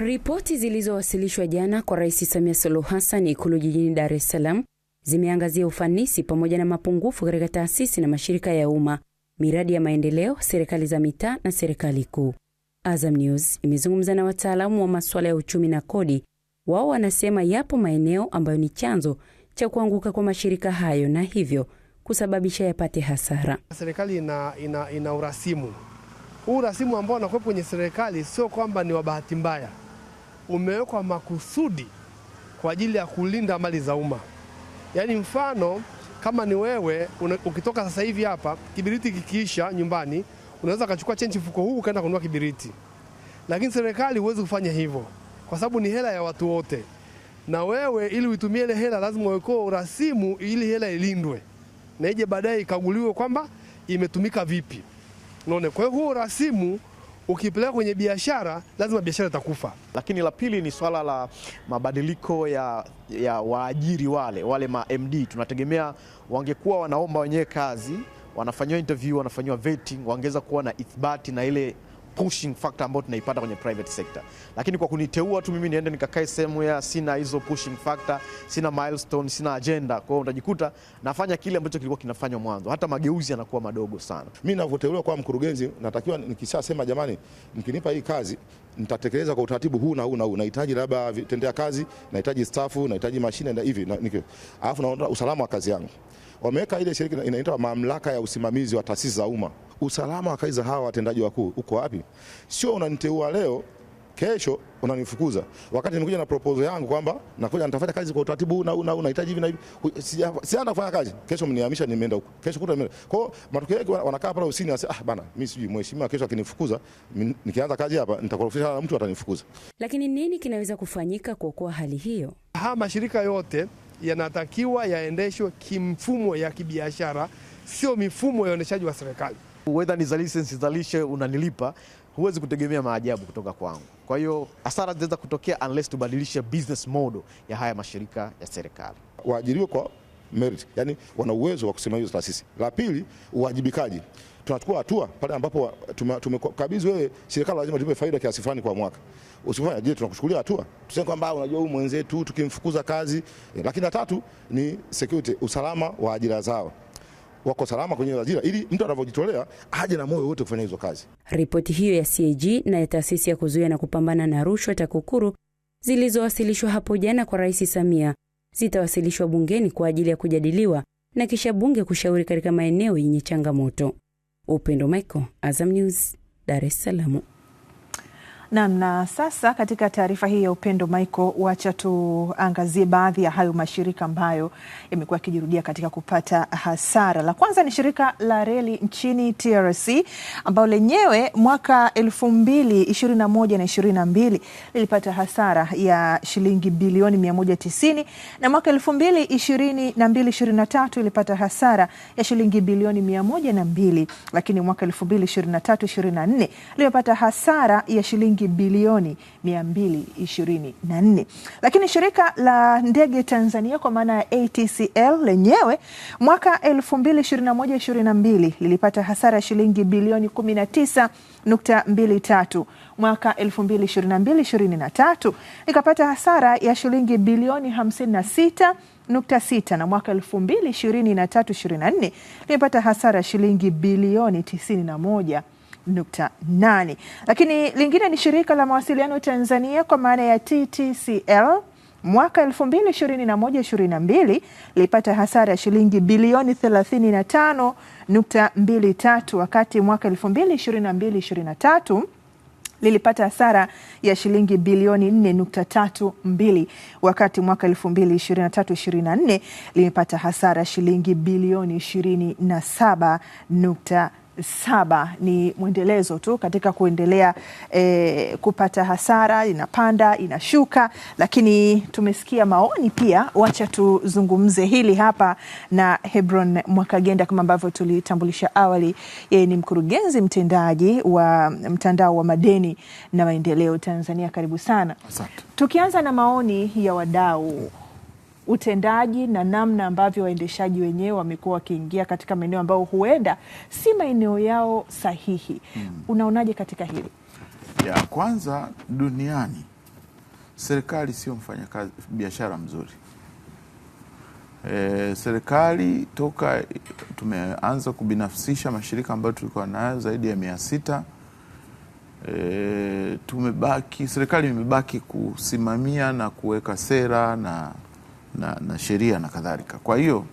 Ripoti zilizowasilishwa jana kwa Rais Samia Suluhu Hassan Ikulu jijini Dar es Salaam zimeangazia ufanisi pamoja na mapungufu katika taasisi na mashirika ya umma, miradi ya maendeleo, serikali za mitaa na serikali kuu. Azam News imezungumza na wataalamu wa masuala ya uchumi na kodi. Wao wanasema yapo maeneo ambayo ni chanzo cha kuanguka kwa mashirika hayo na hivyo kusababisha yapate hasara. Serikali ina, ina, ina urasimu. Huu urasimu ambao wanakuwepo kwenye serikali sio kwamba ni wa bahati mbaya umewekwa makusudi kwa ajili ya kulinda mali za umma. Yaani mfano kama ni wewe una, ukitoka sasa hivi hapa kibiriti kikiisha nyumbani, unaweza kachukua chenji mfuko huu ukaenda kununua kibiriti, lakini serikali huwezi kufanya hivyo kwa sababu ni hela ya watu wote, na wewe ili uitumie ile hela lazima uweko urasimu ili hela ilindwe na ije baadaye ikaguliwe kwamba imetumika vipi. Unaona, kwa hiyo huo urasimu ukipeleka kwenye biashara lazima biashara itakufa. Lakini la pili ni swala la mabadiliko ya, ya waajiri wale wale ma MD tunategemea wangekuwa wanaomba wenyewe kazi, wanafanyiwa interview, wanafanyiwa vetting, wangeweza kuwa na ithibati na ile pushing factor ambayo tunaipata kwenye private sector. Lakini kwa kuniteua tu mimi niende nikakae sehemu ya sina hizo pushing factor, sina milestone, sina agenda, kwa hiyo utajikuta nafanya kile ambacho kilikuwa kinafanywa mwanzo, hata mageuzi yanakuwa madogo sana. Mimi ninavyoteuliwa kwa mkurugenzi, natakiwa nikishasema, jamani, mkinipa hii kazi nitatekeleza kwa utaratibu huu na huu na huu, nahitaji labda vitendea kazi, nahitaji stafu, nahitaji mashine na hivi na, alafu naona usalama wa kazi yangu wameweka ile shirika inaitwa mamlaka ya usimamizi wa taasisi za umma. Usalama wa kazi za hawa watendaji wakuu uko wapi? Sio unaniteua leo kesho unanifukuza, wakati nimekuja na proposal yangu kwamba nakuja nitafanya kazi kwa utaratibu na una unahitaji hivi na hivi, sianza kufanya kazi, kesho mnihamisha, nimeenda huko, kesho kuta nimeenda. Kwa hiyo matokeo yake wanakaa pale ofisini, anasema ah bana, mimi sijui mheshimiwa, kesho akinifukuza, nikianza kazi hapa nitakorofisha na mtu atanifukuza. Lakini nini kinaweza kufanyika kuokoa hali hiyo? Haya mashirika yote yanatakiwa yaendeshwe kimfumo ya kibiashara, sio mifumo ya uendeshaji wa serikali. Wedha ni zalishe nisizalishe, unanilipa, huwezi kutegemea maajabu kutoka kwangu. Kwa hiyo hasara zinaweza kutokea unless tubadilishe business model ya haya mashirika ya serikali, waajiriwe kwa merit, yani wana uwezo wa kusimamia hizo taasisi. La pili, uwajibikaji. Tunachukua hatua pale ambapo tumekabidhi wewe, serikali lazima tupe faida kiasi fulani kwa mwaka. Usifanye je, tunakuchukulia hatua, tuseme kwamba ah, unajua huyu mwenzetu tukimfukuza kazi. Eh, lakini la tatu ni security, usalama wa ajira zao wako salama kwenye ajira ili mtu anavyojitolea aje na moyo wote kufanya hizo kazi. Ripoti hiyo ya CAG na ya taasisi ya kuzuia na kupambana na rushwa TAKUKURU zilizowasilishwa hapo jana kwa Rais Samia zitawasilishwa bungeni kwa ajili ya kujadiliwa na kisha bunge kushauri katika maeneo yenye changamoto. Upendo Michael, Azam News, Dar es Salaam. Naam, na sasa katika taarifa hii ya Upendo Michael, wacha tuangazie baadhi ya hayo mashirika ambayo yamekuwa yakijirudia katika kupata hasara. La kwanza ni shirika la reli nchini TRC ambayo lenyewe mwaka elfu mbili na moja na ishirini na mbili lilipata hasara ya shilingi bilioni mia moja tisini na mwaka elfu mbili ishirini na mbili ishirini na tatu ilipata hasara ya shilingi bilioni mia moja na mbili lakini mwaka elfu mbili ishirini na tatu ishirini na nne hasara ya shilingi shilingi bilioni 224. Lakini shirika la ndege Tanzania kwa maana ya ATCL lenyewe mwaka 2021 2022 lilipata hasara ya shilingi bilioni 19.23, mwaka 2022/23 likapata hasara ya shilingi bilioni 56 nukta sita na mwaka elfu mbili ishirini na tatu ishirini na nne limepata hasara ya shilingi bilioni tisini na moja 1.8. Lakini lingine ni shirika la mawasiliano Tanzania kwa maana ya TTCL mwaka 2021-2022 lilipata hasara ya shilingi bilioni 35.23 wakati mwaka 2022-2023 lilipata hasara ya shilingi bilioni 4.32 wakati mwaka 2023-2024 limepata hasara shilingi bilioni 27 saba ni mwendelezo tu katika kuendelea e, kupata hasara, inapanda inashuka, lakini tumesikia maoni pia. Wacha tuzungumze hili hapa na Hebron Mwakagenda. Kama ambavyo tulitambulisha awali, yeye ni mkurugenzi mtendaji wa mtandao wa madeni na maendeleo Tanzania. Karibu sana. Asante. Tukianza na maoni ya wadau utendaji na namna ambavyo waendeshaji wenyewe wamekuwa wakiingia katika maeneo ambayo huenda si maeneo yao sahihi. Mm. Unaonaje katika hili? Ya kwanza duniani serikali sio mfanyakazi biashara mzuri. E, serikali toka tumeanza kubinafsisha mashirika ambayo tulikuwa nayo zaidi ya mia sita e, tumebaki serikali imebaki kusimamia na kuweka sera na na, na sheria na kadhalika. Kwa hiyo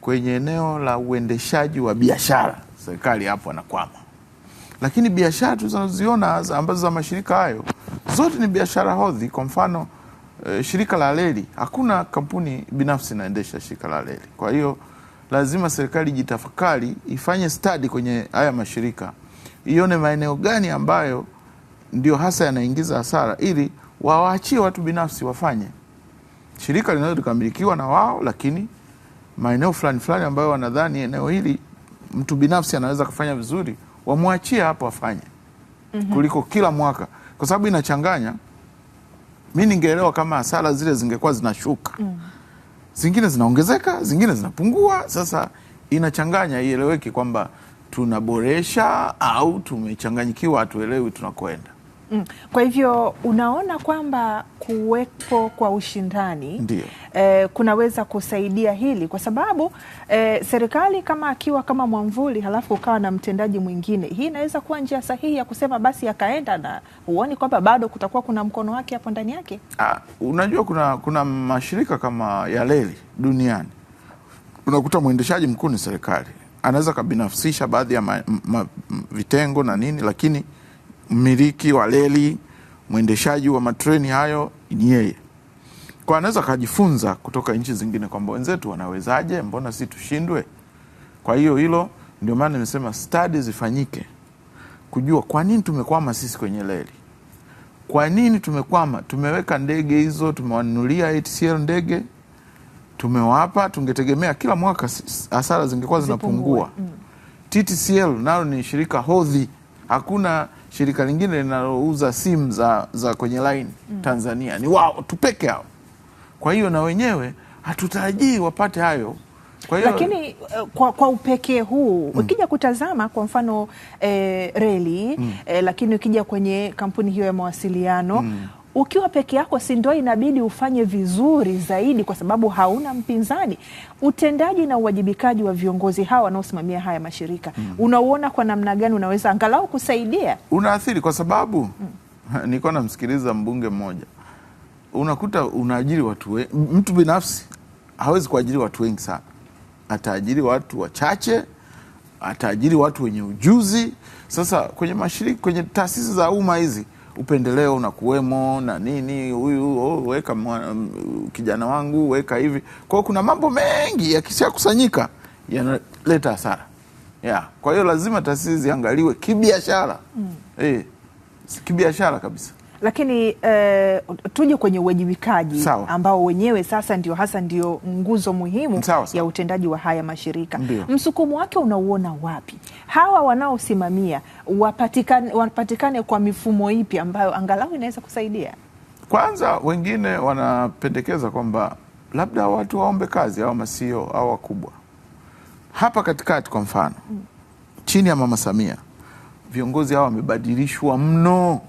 kwenye eneo la uendeshaji wa biashara serikali hapo anakwama, lakini biashara tunazoziona ambazo za mashirika hayo zote ni biashara hodhi. Kwa mfano e, shirika la reli, hakuna kampuni binafsi inaendesha shirika la reli. Kwa hiyo lazima serikali jitafakari, ifanye stadi kwenye haya mashirika, ione maeneo gani ambayo ndio hasa yanaingiza hasara, ili wawaachie watu binafsi wafanye shirika linaweza likamilikiwa na wao, lakini maeneo fulani fulani ambayo wanadhani eneo hili mtu binafsi anaweza kufanya vizuri, wamwachie hapo afanye mm -hmm. kuliko kila mwaka, kwa sababu inachanganya. Mi ningeelewa kama hasara zile zingekuwa zinashuka mm. zingine zinaongezeka, zingine zinapungua. Sasa inachanganya, ieleweki kwamba tunaboresha au tumechanganyikiwa, hatuelewi tunakwenda. Mm. Kwa hivyo unaona kwamba kuwepo kwa ushindani Ndiyo. Eh, kunaweza kusaidia hili kwa sababu eh, serikali kama akiwa kama mwamvuli halafu ukawa na mtendaji mwingine, hii inaweza kuwa njia sahihi ya kusema basi akaenda, na huoni kwamba bado kutakuwa kuna mkono wake hapo ndani yake? Ah, unajua kuna, kuna mashirika kama ya reli duniani unakuta mwendeshaji mkuu ni serikali, anaweza kabinafsisha baadhi ya ma, ma, vitengo na nini, lakini mmiliki wa reli, mwendeshaji wa matreni hayo ni yeye. Kwa anaweza akajifunza kutoka nchi zingine kwamba wenzetu wanawezaje, mbona si tushindwe? Kwa hiyo hilo ndio maana nimesema stadi zifanyike kujua kwa nini tumekwama sisi kwenye reli, kwa nini tumekwama. Tumeweka ndege hizo, tumewanunulia ATCL ndege, tumewapa, tungetegemea kila mwaka hasara zingekuwa zinapungua. Mm. TTCL nalo ni shirika hodhi, hakuna shirika lingine linalouza simu za, za kwenye line mm. Tanzania ni wao tu peke yao, kwa hiyo na wenyewe hatutarajii wapate hayo. Kwa hiyo... lakini eh, kwa, kwa upekee huu mm. ukija kutazama kwa mfano e, reli mm. e, lakini ukija kwenye kampuni hiyo ya mawasiliano mm ukiwa peke yako, si ndio inabidi ufanye vizuri zaidi, kwa sababu hauna mpinzani. Utendaji na uwajibikaji wa viongozi hawa wanaosimamia haya mashirika mm. unauona kwa namna gani unaweza angalau kusaidia? Unaathiri kwa sababu mm. nilikuwa namsikiliza mbunge mmoja, unakuta unaajiri watu we, mtu binafsi hawezi kuajiri watu wengi sana, ataajiri watu wachache ataajiri watu wenye ujuzi. Sasa kwenye mashirika, kwenye taasisi za umma hizi upendeleo na kuwemo na nini, huyu oh, weka mwa, mm, kijana wangu weka hivi. kwao kuna mambo mengi yakishakusanyika yanaleta hasara yeah. Kwa hiyo lazima taasisi ziangaliwe kibiashara mm. hey, eh, kibiashara kabisa. Lakini uh, tuje kwenye uwajibikaji ambao wenyewe sasa ndio hasa ndio nguzo muhimu Sao, ya utendaji wa haya mashirika. Msukumo wake unauona wapi? Hawa wanaosimamia wapatikane, wapatikane kwa mifumo ipi ambayo angalau inaweza kusaidia? Kwanza wengine wanapendekeza kwamba labda watu waombe kazi au masio au wakubwa hapa katikati. Kwa mfano, mm. chini ya Mama Samia viongozi hawa wamebadilishwa mno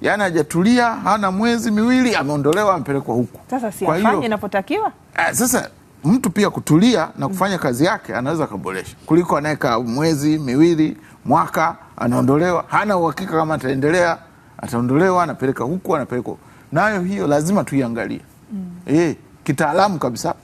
yani hajatulia, hana mwezi miwili, ameondolewa, amepelekwa huku. Sasa si afanye inapotakiwa. Eh, sasa mtu pia kutulia na kufanya kazi yake anaweza akaboresha kuliko anaweka mwezi miwili, mwaka, anaondolewa, hana uhakika kama ataendelea, ataondolewa, anapeleka huku, anapelekwa nayo. Hiyo lazima tuiangalie, mm. E, kitaalamu kabisa.